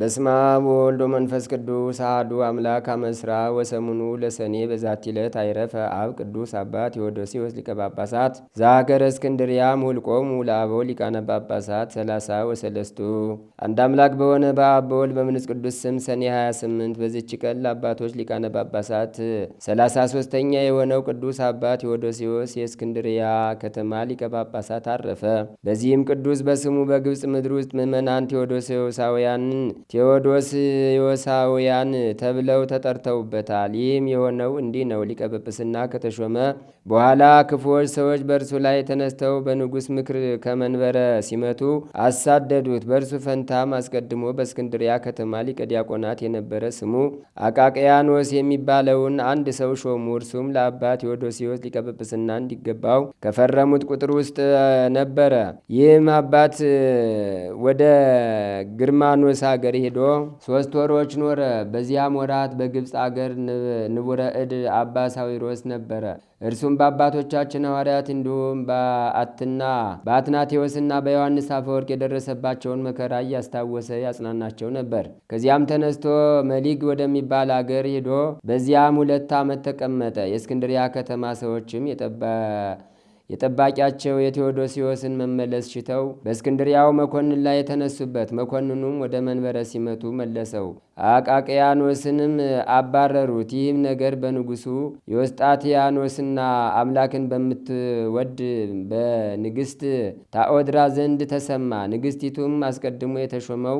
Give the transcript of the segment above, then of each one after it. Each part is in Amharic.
በስመ አብ ወወልድ ወመንፈስ ቅዱስ አሐዱ አምላክ አመስራ ወሰሙኑ ለሰኔ በዛቲ ዕለት አይረፈ አብ ቅዱስ አባት ቴዎዶሲዎስ ሊቀ ጳጳሳት ዘሀገረ እስክንድርያ ምሁልቆሙ ለአበው ሊቃነ ጳጳሳት ሰላሳ ወሰለስቱ። አንድ አምላክ በሆነ በአብ በወልድ በመንፈስ ቅዱስ ስም ሰኔ 28 በዚች ቀን ለአባቶች ሊቃነ ጳጳሳት ሰላሳ ሶስተኛ የሆነው ቅዱስ አባት ቴዎዶሲዎስ የእስክንድርያ ከተማ ሊቀ ጳጳሳት አረፈ። በዚህም ቅዱስ በስሙ በግብፅ ምድር ውስጥ ምዕመናን ቴዎዶሲዎሳውያንን ቴዎዶስ ዮሳውያን ተብለው ተጠርተውበታል። ይህም የሆነው እንዲህ ነው። ሊቀ ጵጵስና ከተሾመ በኋላ ክፉዎች ሰዎች በእርሱ ላይ ተነስተው በንጉሥ ምክር ከመንበረ ሲመቱ አሳደዱት። በእርሱ ፈንታም አስቀድሞ በእስክንድሪያ ከተማ ሊቀ ዲያቆናት የነበረ ስሙ አቃቅያኖስ የሚባለውን አንድ ሰው ሾሙ። እርሱም ለአባ ቴዎዶሲዎስ ሊቀ ጵጵስና እንዲገባው ከፈረሙት ቁጥር ውስጥ ነበረ። ይህም አባት ወደ ግርማኖስ አገር ሄዶ ሶስት ወሮች ኖረ። በዚያም ወራት በግብፅ አገር ንቡረ እድ አባ ሳዊሮስ ነበረ። እርሱም በአባቶቻችን ሐዋርያት እንዲሁም በአትና በአትናቴዎስና በዮሐንስ አፈወርቅ የደረሰባቸውን መከራ እያስታወሰ ያጽናናቸው ነበር። ከዚያም ተነስቶ መሊግ ወደሚባል አገር ሄዶ በዚያም ሁለት ዓመት ተቀመጠ። የእስክንድሪያ ከተማ ሰዎችም የጠባቂያቸው የቴዎዶሲዎስን መመለስ ሽተው በእስክንድሪያው መኮንን ላይ የተነሱበት፣ መኮንኑም ወደ መንበረ ሲመቱ መለሰው። አቃቅያኖስንም አባረሩት። ይህም ነገር በንጉሱ የወስጣትያኖስና አምላክን በምትወድ በንግስት ታኦድራ ዘንድ ተሰማ። ንግስቲቱም አስቀድሞ የተሾመው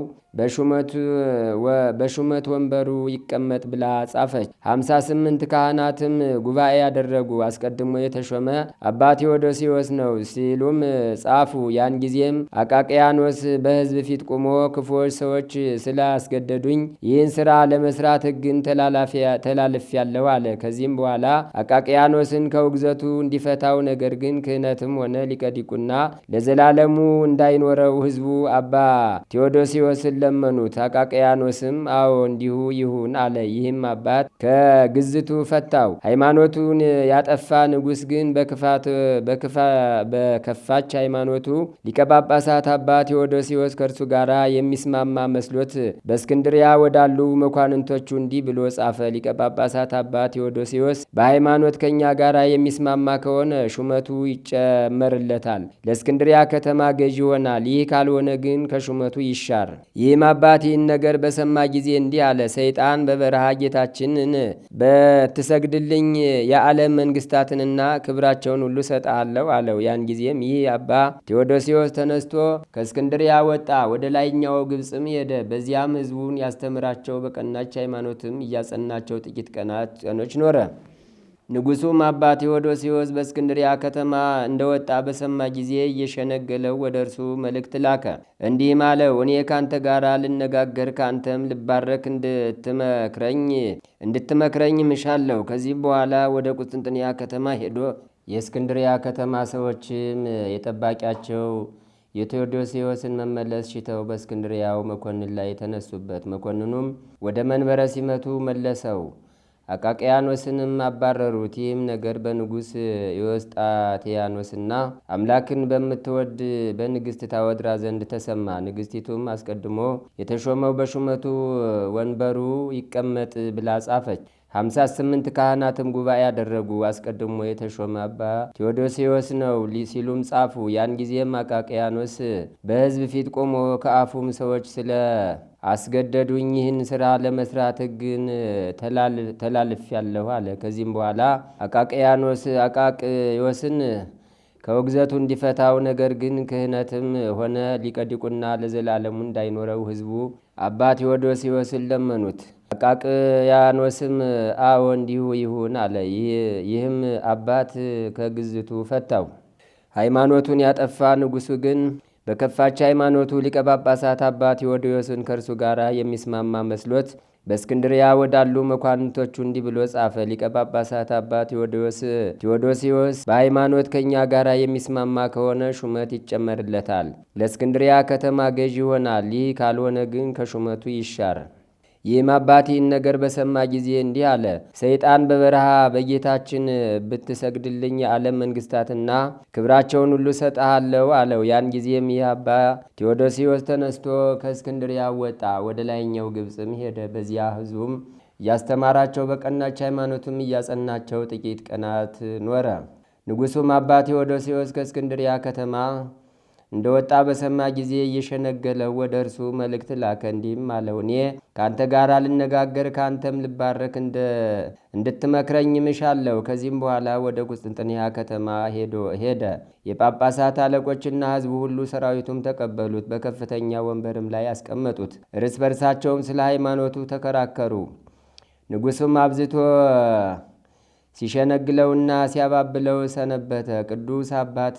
በሹመት ወንበሩ ይቀመጥ ብላ ጻፈች። ሀምሳ ስምንት ካህናትም ጉባኤ ያደረጉ አስቀድሞ የተሾመ አባ ቴዎዶሲዎስ ነው ሲሉም ጻፉ። ያን ጊዜም አቃቅያኖስ በህዝብ ፊት ቁሞ ክፉዎች ሰዎች ስላስገደዱኝ ይህን ስራ ለመስራት ሕግን ተላልፍ ያለው አለ። ከዚህም በኋላ አቃቅያኖስን ከውግዘቱ እንዲፈታው ነገር ግን ክህነትም ሆነ ሊቀዲቁና ለዘላለሙ እንዳይኖረው ሕዝቡ አባ ቴዎዶሲዎስን ለመኑት። አቃቅያኖስም አዎ እንዲሁ ይሁን አለ። ይህም አባት ከግዝቱ ፈታው። ሃይማኖቱን ያጠፋ ንጉሥ ግን በከፋች ሃይማኖቱ ሊቀጳጳሳት አባ ቴዎዶሲዎስ ከእርሱ ጋር የሚስማማ መስሎት በእስክንድሪያ ወደ ስላሉ መኳንንቶቹ እንዲህ ብሎ ጻፈ። ሊቀ ጳጳሳት አባ ቴዎዶሲዎስ በሃይማኖት ከእኛ ጋር የሚስማማ ከሆነ ሹመቱ ይጨመርለታል፣ ለእስክንድሪያ ከተማ ገዢ ይሆናል። ይህ ካልሆነ ግን ከሹመቱ ይሻር። ይህም አባት ይህን ነገር በሰማ ጊዜ እንዲህ አለ። ሰይጣን በበረሃ ጌታችንን በትሰግድልኝ የዓለም መንግስታትንና ክብራቸውን ሁሉ ሰጣለሁ አለው። ያን ጊዜም ይህ አባ ቴዎዶሲዎስ ተነስቶ ከእስክንድሪያ ወጣ፣ ወደ ላይኛው ግብፅም ሄደ። በዚያም ህዝቡን ያስተምራል በምራቸው በቀናች ሃይማኖትም እያጸናቸው ጥቂት ቀናት ቀኖች ኖረ። ንጉሱም አባ ቴዎዶሲዎስ በእስክንድሪያ ከተማ እንደወጣ በሰማ ጊዜ እየሸነገለው ወደ እርሱ መልእክት ላከ። እንዲህም አለው፣ እኔ ካንተ ጋር ልነጋገር ካንተም ልባረክ እንድትመክረኝ እንድትመክረኝ ምሻለሁ። ከዚህ በኋላ ወደ ቁስጥንጥንያ ከተማ ሄዶ የእስክንድሪያ ከተማ ሰዎችም የጠባቂያቸው የቴዎዶሲዎስን መመለስ ሽተው በእስክንድሪያው መኮንን ላይ የተነሱበት። መኮንኑም ወደ መንበረ ሲመቱ መለሰው፣ አቃቅያኖስንም አባረሩት። ይህም ነገር በንጉሥ የወስጣቴያኖስና አምላክን በምትወድ በንግሥት ታወድራ ዘንድ ተሰማ። ንግሥቲቱም አስቀድሞ የተሾመው በሹመቱ ወንበሩ ይቀመጥ ብላ ጻፈች። ሀምሳ ስምንት ካህናትም ጉባኤ ያደረጉ። አስቀድሞ የተሾመ አባ ቴዎዶሲዎስ ነው ሲሉም ጻፉ። ያን ጊዜም አቃቅያኖስ በሕዝብ ፊት ቆሞ ከአፉም ሰዎች ስለ አስገደዱኝ ይህን ስራ ለመስራት ሕግን ተላልፍ ያለሁ አለ። ከዚህም በኋላ አቃቅያኖስ አቃቅዮስን ከውግዘቱ እንዲፈታው ነገር ግን ክህነትም ሆነ ሊቀዲቁና ለዘላለሙ እንዳይኖረው ሕዝቡ አባ ቴዎዶሲዎስን ለመኑት። ቃቅያኖስም አዎ እንዲሁ ይሁን አለ። ይህም አባት ከግዝቱ ፈታው። ሃይማኖቱን ያጠፋ ንጉሱ ግን በከፋች ሃይማኖቱ ሊቀ ጳጳሳት አባ ቴዎዶዮስን ከእርሱ ጋር የሚስማማ መስሎት በእስክንድሪያ ወዳሉ መኳንንቶቹ እንዲህ ብሎ ጻፈ። ሊቀ ጳጳሳት አባ ቴዎዶስ ቴዎዶሲዎስ በሃይማኖት ከእኛ ጋር የሚስማማ ከሆነ ሹመት ይጨመርለታል፣ ለእስክንድሪያ ከተማ ገዥ ይሆናል። ይህ ካልሆነ ግን ከሹመቱ ይሻር። ይህም አባቴ ይህን ነገር በሰማ ጊዜ እንዲህ አለ። ሰይጣን በበረሃ በጌታችን ብትሰግድልኝ የዓለም መንግስታትና ክብራቸውን ሁሉ ሰጠሃለው አለው። ያን ጊዜም ይህ አባ ቴዎዶሲዎስ ተነስቶ ከእስክንድርያ ወጣ፣ ወደ ላይኛው ግብፅም ሄደ። በዚያ ሕዝቡም እያስተማራቸው በቀናች ሃይማኖቱም እያጸናቸው ጥቂት ቀናት ኖረ። ንጉሱም አባ ቴዎዶሲዎስ ከእስክንድርያ ከተማ እንደ ወጣ በሰማ ጊዜ እየሸነገለው ወደ እርሱ መልእክት ላከ። እንዲህም አለው፣ እኔ ከአንተ ጋር ልነጋገር ከአንተም ልባረክ እንድትመክረኝ አለው። ከዚህም በኋላ ወደ ቁስጥንጥንያ ከተማ ሄደ። የጳጳሳት አለቆችና ሕዝቡ ሁሉ ሰራዊቱም ተቀበሉት። በከፍተኛ ወንበርም ላይ አስቀመጡት። እርስ በርሳቸውም ስለ ሃይማኖቱ ተከራከሩ። ንጉሱም አብዝቶ ሲሸነግለውና ሲያባብለው ሰነበተ። ቅዱስ አባት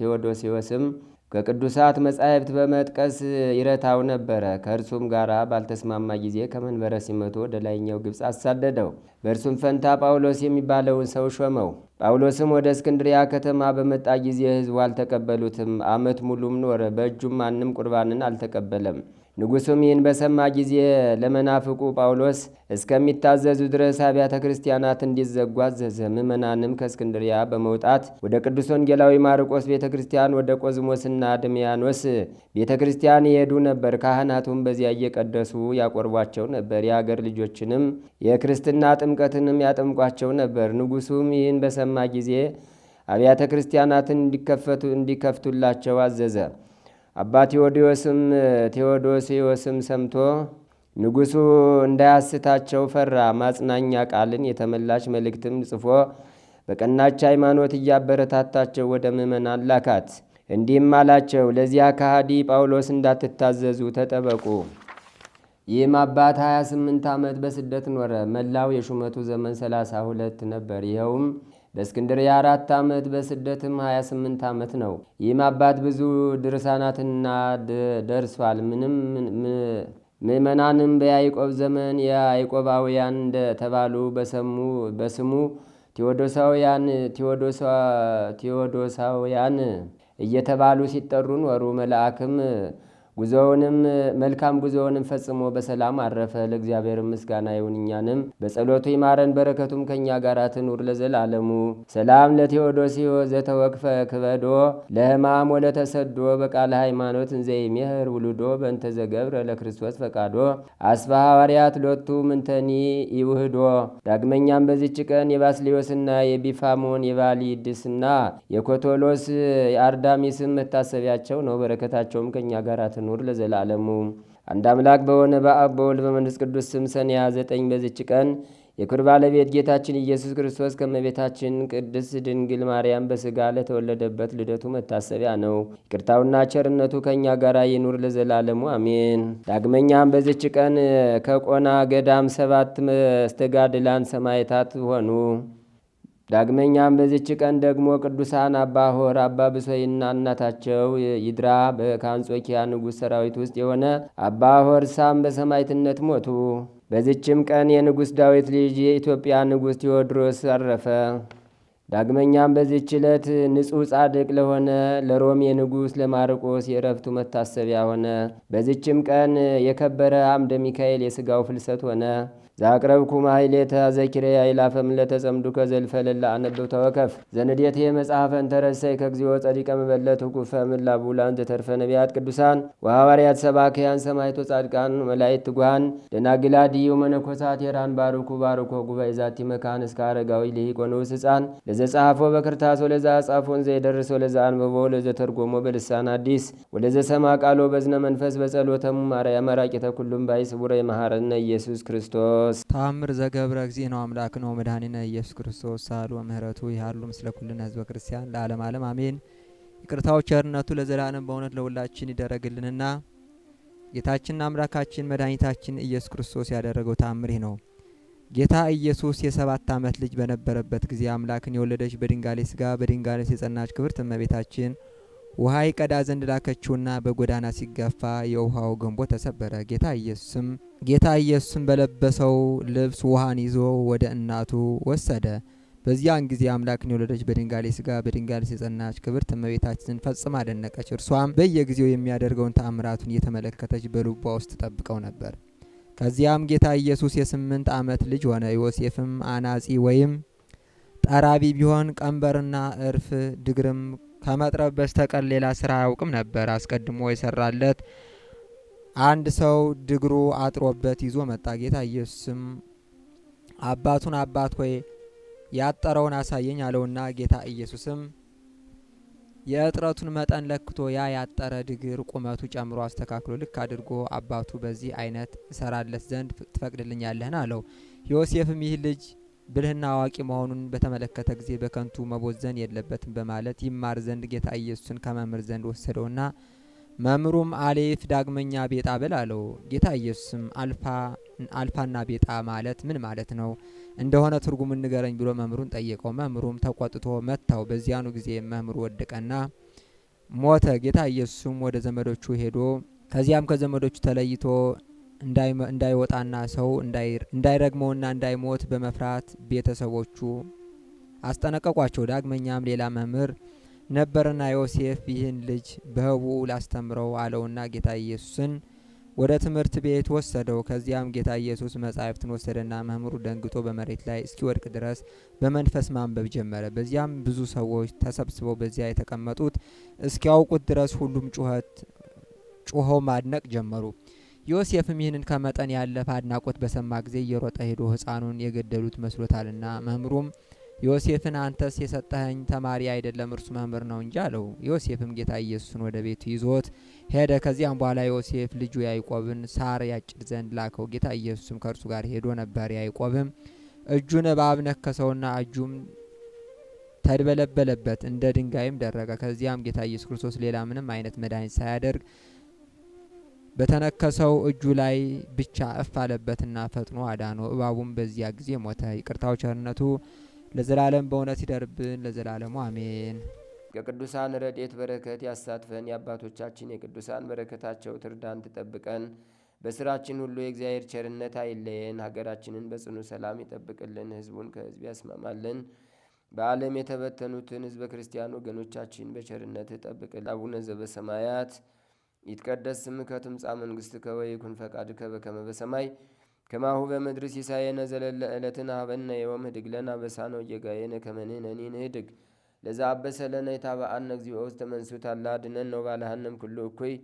ቴዎዶሲዎስም ከቅዱሳት መጻሕፍት በመጥቀስ ይረታው ነበረ። ከእርሱም ጋር ባልተስማማ ጊዜ ከመንበረ ሲመቱ ወደ ላይኛው ግብፅ አሳደደው። በእርሱም ፈንታ ጳውሎስ የሚባለውን ሰው ሾመው። ጳውሎስም ወደ እስክንድሪያ ከተማ በመጣ ጊዜ ሕዝቡ አልተቀበሉትም። ዓመት ሙሉም ኖረ። በእጁም ማንም ቁርባንን አልተቀበለም። ንጉሱም ይህን በሰማ ጊዜ ለመናፍቁ ጳውሎስ እስከሚታዘዙ ድረስ አብያተ ክርስቲያናት እንዲዘጉ አዘዘ። ምእመናንም ከእስክንድሪያ በመውጣት ወደ ቅዱስ ወንጌላዊ ማርቆስ ቤተ ክርስቲያን፣ ወደ ቆዝሞስና ድሚያኖስ ቤተ ክርስቲያን ይሄዱ ነበር። ካህናቱም በዚያ እየቀደሱ ያቆርቧቸው ነበር። የአገር ልጆችንም የክርስትና ጥምቀትንም ያጠምቋቸው ነበር። ንጉሱም ይህን በሰማ ጊዜ አብያተ ክርስቲያናትን እንዲከፍቱላቸው አዘዘ። አባ ቴዎዲዮስም ቴዎዶሲዎስም ሰምቶ ንጉሡ እንዳያስታቸው ፈራ። ማጽናኛ ቃልን የተመላች መልእክትም ጽፎ በቀናች ሃይማኖት እያበረታታቸው ወደ ምዕመናን ላካት። እንዲህም አላቸው፣ ለዚያ ከሃዲ ጳውሎስ እንዳትታዘዙ ተጠበቁ። ይህም አባት 28 ዓመት በስደት ኖረ። መላው የሹመቱ ዘመን ሰላሳ ነበር። ይኸውም በእስክንድርያ አራት ዓመት በስደትም 28 ዓመት ነው። ይህም አባት ብዙ ድርሳናትና ደርሷል። ምንም ምእመናንም በያይቆብ ዘመን የአይቆባውያን እንደተባሉ በሰሙ በስሙ ቴዎዶሳውያን ቴዎዶሳውያን እየተባሉ ሲጠሩን ወሩ መልአክም ጉዞውንም መልካም ጉዞውንም ፈጽሞ በሰላም አረፈ። ለእግዚአብሔር ምስጋና ይሁን፣ እኛንም በጸሎቱ ይማረን፣ በረከቱም ከእኛ ጋር ትኑር ለዘላለሙ። ሰላም ለቴዎዶሲዮ ዘተወክፈ ክበዶ ለህማም ወለተሰዶ በቃለ ሃይማኖት እንዘ ይሜህር ውሉዶ በእንተ ዘገብረ ለክርስቶስ ፈቃዶ አስፋ ሐዋርያት ሎቱ ምንተኒ ይውህዶ። ዳግመኛም በዚች ቀን የባስሌዮስና የቢፋሞን የቫሊድስና የኮቶሎስ የአርዳሚስም መታሰቢያቸው ነው። በረከታቸውም ከእኛ ጋር ትኑር ይኑር ለዘላለሙ። አንድ አምላክ በሆነ በአብ በወልድ በመንፈስ ቅዱስ ስም ሰኔ ዘጠኝ በዚች ቀን የክብር ባለቤት ጌታችን ኢየሱስ ክርስቶስ ከመቤታችን ቅድስት ድንግል ማርያም በሥጋ ለተወለደበት ልደቱ መታሰቢያ ነው። ይቅርታውና ቸርነቱ ከእኛ ጋር ይኑር ለዘላለሙ አሜን። ዳግመኛም በዚች ቀን ከቆና ገዳም ሰባት መስተጋድላን ሰማዕታት ሆኑ። ዳግመኛም በዚች ቀን ደግሞ ቅዱሳን አባ ሆር አባ ብሶይና እናታቸው ይድራ በካንጾኪያ ንጉሥ ሰራዊት ውስጥ የሆነ አባ ሆር ሳም በሰማይትነት ሞቱ። በዚችም ቀን የንጉሥ ዳዊት ልጅ የኢትዮጵያ ንጉሥ ቴዎድሮስ አረፈ። ዳግመኛም በዚች ዕለት ንጹሕ ጻድቅ ለሆነ ለሮም የንጉሥ ለማርቆስ የእረፍቱ መታሰቢያ ሆነ። በዚችም ቀን የከበረ አምደ ሚካኤል የሥጋው ፍልሰት ሆነ። ዛቅረብኩ ማይሌተ ዘኪርያ ይላፈም ለተጸምዱ ከዘልፈለላ አነበብ ተወከፍ ዘንዴት መጽሐፈ እንተረሰይ ከእግዚኦ ጸዲቀ መበለት ኩፈ ምላ ቡላን ዘተርፈ ነቢያት ቅዱሳን ወሐዋርያት ሰባክያን ሰማይቶ ጻድቃን መላይት ትጉሃን ደናግላ ድዩ መነኮሳት የራን ባርኩ ባርኮ ጉባኤ ዛቲ መካን እስከ አረጋዊ ልሂቆ ልሂቆንውስ ህፃን ለዘጸሐፎ በክርታስ ለዛ ጻፎን ዘይደርሶ ለዛ አንብቦ ለዘተርጎሞ በልሳን አዲስ ወለዘ ሰማ ቃሎ በዝነ መንፈስ በጸሎተሙ ማርያ መራቂተ ኩሉም ባይ ስቡረ የመሐረነ ኢየሱስ ክርስቶስ ክርስቶስ ታምር ዘገብረ ነው አምላክ ነው ወመድኃኒነ ኢየሱስ ክርስቶስ ሳሉ ምህረቱ ይሃሉ ምስለ ኩልነ ህዝበ ክርስቲያን ለዓለም ዓለም አሜን። ይቅርታው ቸርነቱ ለዘላለም በእውነት ለሁላችን ይደረግልንና ጌታችንና አምላካችን መድኃኒታችን ኢየሱስ ክርስቶስ ያደረገው ታምር ነው። ጌታ ኢየሱስ የሰባት ዓመት ልጅ በነበረበት ጊዜ አምላክን የወለደች በድንጋሌ ስጋ በድንጋሌ የጸናች ክብርት እመቤታችን ውሃ ይቀዳ ዘንድ ላከችውና በጎዳና ሲገፋ የውሃው ገንቦ ተሰበረ። ጌታ ኢየሱስም ጌታ ኢየሱስም በለበሰው ልብስ ውሃን ይዞ ወደ እናቱ ወሰደ። በዚያን ጊዜ አምላክን የወለደች በድንጋሌ ስጋ በድንጋሌ የጸናች ክብርት እመቤታችንን ፈጽማ አደነቀች። እርሷም በየጊዜው የሚያደርገውን ተአምራቱን እየተመለከተች በልቧ ውስጥ ጠብቀው ነበር። ከዚያም ጌታ ኢየሱስ የስምንት ዓመት ልጅ ሆነ። ዮሴፍም አናጺ ወይም ጠራቢ ቢሆን ቀንበርና እርፍ ድግርም ከመጥረብ በስተቀር ሌላ ስራ አያውቅም ነበር። አስቀድሞ የሰራለት አንድ ሰው ድግሩ አጥሮበት ይዞ መጣ። ጌታ ኢየሱስም አባቱን አባት ሆይ ያጠረውን አሳየኝ አለውና ጌታ ኢየሱስም የእጥረቱን መጠን ለክቶ ያ ያጠረ ድግር ቁመቱ ጨምሮ አስተካክሎ ልክ አድርጎ አባቱ በዚህ አይነት እሰራለት ዘንድ ትፈቅድልኛለህን አለው። ዮሴፍም ይህ ልጅ ብልህና አዋቂ መሆኑን በተመለከተ ጊዜ በከንቱ መቦዘን የለበትም በማለት ይማር ዘንድ ጌታ ኢየሱስን ከመምህር ዘንድ ወሰደውና መምሩም አሌፍ ዳግመኛ ቤጣ በል አለው። ጌታ ኢየሱስም አልፋና ቤጣ ማለት ምን ማለት ነው እንደሆነ ትርጉም ንገረኝ ብሎ መምሩን ጠየቀው። መምሩም ተቆጥቶ መታው። በዚያኑ ጊዜ መምሩ ወደቀና ሞተ። ጌታ ኢየሱስም ወደ ዘመዶቹ ሄዶ ከዚያም ከዘመዶቹ ተለይቶ እንዳይወጣና ሰው እንዳይረግመውና እንዳይሞት በመፍራት ቤተሰቦቹ አስጠነቀቋቸው። ዳግመኛም ሌላ መምህር ነበርና ዮሴፍ ይህን ልጅ በህቡ ላስተምረው አለውና ጌታ ኢየሱስን ወደ ትምህርት ቤት ወሰደው። ከዚያም ጌታ ኢየሱስ መጻሕፍትን ወሰደና መምህሩ ደንግጦ በመሬት ላይ እስኪወድቅ ድረስ በመንፈስ ማንበብ ጀመረ። በዚያም ብዙ ሰዎች ተሰብስበው በዚያ የተቀመጡት እስኪያውቁት ድረስ ሁሉም ጩኸት ጩኸው ማድነቅ ጀመሩ። ዮሴፍም ይህንን ከመጠን ያለፈ አድናቆት በሰማ ጊዜ እየሮጠ ሄዶ ሕፃኑን የገደሉት መስሎታልና፣ መምሩም ዮሴፍን አንተስ የሰጠኸኝ ተማሪ አይደለም እርሱ መምህር ነው እንጂ አለው። ዮሴፍም ጌታ ኢየሱስን ወደ ቤቱ ይዞት ሄደ። ከዚያም በኋላ ዮሴፍ ልጁ ያዕቆብን ሳር ያጭድ ዘንድ ላከው። ጌታ ኢየሱስም ከእርሱ ጋር ሄዶ ነበር። ያዕቆብም እጁን እባብ ነከሰውና እጁም ተድበለበለበት፣ እንደ ድንጋይም ደረቀ። ከዚያም ጌታ ኢየሱስ ክርስቶስ ሌላ ምንም አይነት መድኃኒት ሳያደርግ በተነከሰው እጁ ላይ ብቻ እፍ አለበትና ፈጥኖ አዳኖ እባቡም በዚያ ጊዜ ሞተ። ይቅርታው ቸርነቱ ለዘላለም በእውነት ይደርብን ለዘላለሙ አሜን። ከቅዱሳን ረድኤት በረከት ያሳትፈን። የአባቶቻችን የቅዱሳን በረከታቸው ትርዳን፣ ትጠብቀን። በስራችን ሁሉ የእግዚአብሔር ቸርነት አይለየን። ሀገራችንን በጽኑ ሰላም ይጠብቅልን፣ ህዝቡን ከህዝብ ያስማማልን። በዓለም የተበተኑትን ህዝበ ክርስቲያን ወገኖቻችን በቸርነት ጠብቅል። አቡነ ዘበሰማያት ይትቀደስ ስምከ ትምጻእ መንግሥትከ ወይኩን ፈቃድከ በከመ በሰማይ ከማሁ በምድሪ ሲሳየነ ዘለለ ዕለትነ ሀበነ ዮም ህድግ ለነ አበሳነ ወጌጋየነ ከመ ንሕነኒ ንህድግ ለዘአበሰለነ የታበአነ እግዚኦ ውስተ መንሱት አላ አድኅነነ ወባልሐነም ኩሉ እኩይ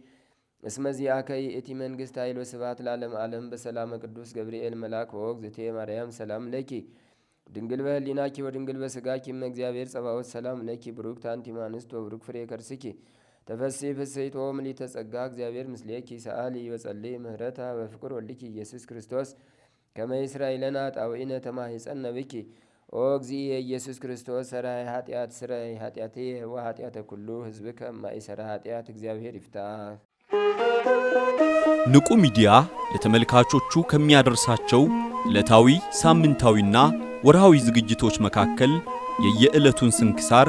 እስመ ከይ እቲ መንግሥት ኃይሎ ወስብሐት ለዓለመ ዓለም በሰላመ ቅዱስ ገብርኤል መልአክ ወወግ ዝቴ ማርያም ሰላም ለኪ ድንግል በህሊናኪ ወድንግል በስጋኪ እመ እግዚአብሔር ጸባኦት ሰላም ለኪ ብሩክት አንቲ እማንስት ወብሩክ ፍሬ ከርስኪ ተፈሴ ፍሴቶ ምሊ ተጸጋ እግዚአብሔር ምስሌኪ ሰአሊ በጸልይ ምህረታ በፍቅር ወልኪ ኢየሱስ ክርስቶስ ከመ ይስራኤለና ጣውኢነ ተማሂፀነ ብኪ ኦ እግዚእ ኢየሱስ ክርስቶስ ሰራይ ኃጢአት ስራይ ኃጢአትየ ወኃጢአተ ኩሉ ህዝብ ከማይሰራ ኃጢአት እግዚአብሔር ይፍታ። ንቁ ሚዲያ ለተመልካቾቹ ከሚያደርሳቸው ዕለታዊ ሳምንታዊና ወርሃዊ ዝግጅቶች መካከል የየዕለቱን ስንክሳር